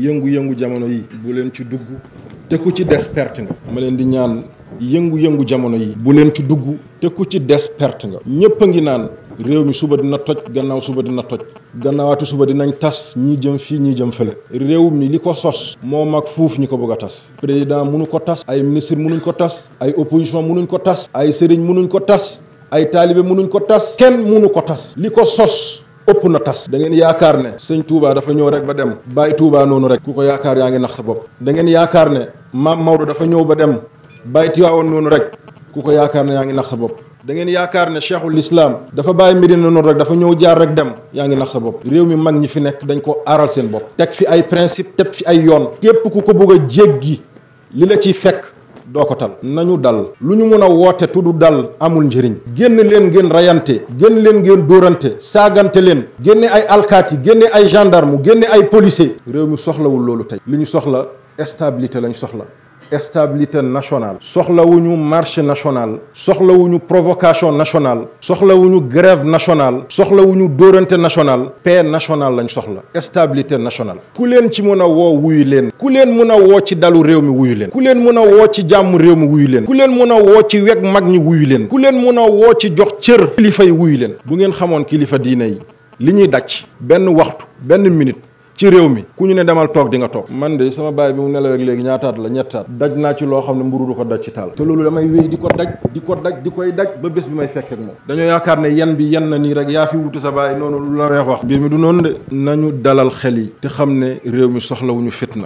yëngu-yëngu jamono yi bu leen ci dugg te ci des perte nga ma leen di ñaan yëngu-yëngu jamono yi bu leen ci dugg te ci des perte nga ñëpp a ngi naan réew mi suba dina toj gannaaw suba dina toj gannaawaatu suba dinañ tas ñii jëm fii ñii jëm fële réew mi li ko sos moo mag fuuf ñi ko bëgg a tas président mënu ko tas ay ministre mënuñ ko tas ay opposition mënuñ ko tas ay sëriñ mënuñ ko tas ay taalibe mënuñ ko tas kenn mënu ko tas li ko sos ëpp na tas da ngeen yaakaar ne sëñ tuubaa dafa ñëw rek ba dem bàyyi Touba noonu rek ku ko yaakaar yaa ngi nax sa bopp da ngeen yaakaar ne maam Maodo dafa ñëw ba dem bàyyi Tiwaawoon noonu rek ku yaakaar ne yaa ngi nax sa bopp da ngeen yaakaar ne cheikhul islam dafa bàyyi Medina noonu rek dafa ñëw jaar rek dem yaa ngi nax sa bopp réew mi mag ñi fi nekk dañ ko aaral seen bopp teg fi ay principe teg fi ay yoon képp ku ko bëgg a jéggi li la ciy fekk doo ko tal nañu dal lu ñu mun a woote tudd dal amul njëriñ génn leen ngeen reyante génn leen ngeen dóorante saagante leen génne ay alkaati génne ay gendarme génne ay policier réew mi soxlawul loolu tey li ñu soxla stabilité lañ soxla stabilité nationale soxlawuñu marche nationale soxlawuñu provocation nationale soxlawuñu grève nationale soxlawuñu doranté nationale paix nationale lañ soxla stabilité nationale ku len ci mën wo woo wuyu ku len mën wo ci dalu réew mi ku len mën wo ci jamm réew mi ku len wo ci weg magni ñi wuyu leen ku len mën wo ci jox cër kilifa yi wuyu leen bu ngeen xamone kilifa yi li ñuy waxtu ben minute ci réew mi ku ñu ne demal toog di nga toog man de sama baay bi mu nelaw ak léegi ñaataat la ñettaat daj naa ci loo xam ne mburu du ko daj ci taal te loolu damay wéy di ko daj di ko daj di koy daj ba bés bi may fekk ak moom dañoo yaakaar ne yan bi yan na nii rek yaa fi wutu sa baay noonu lu la reex wax mbir mi du noonu de nañu dalal xel yi te xam ne réew mi soxlawuñu fitna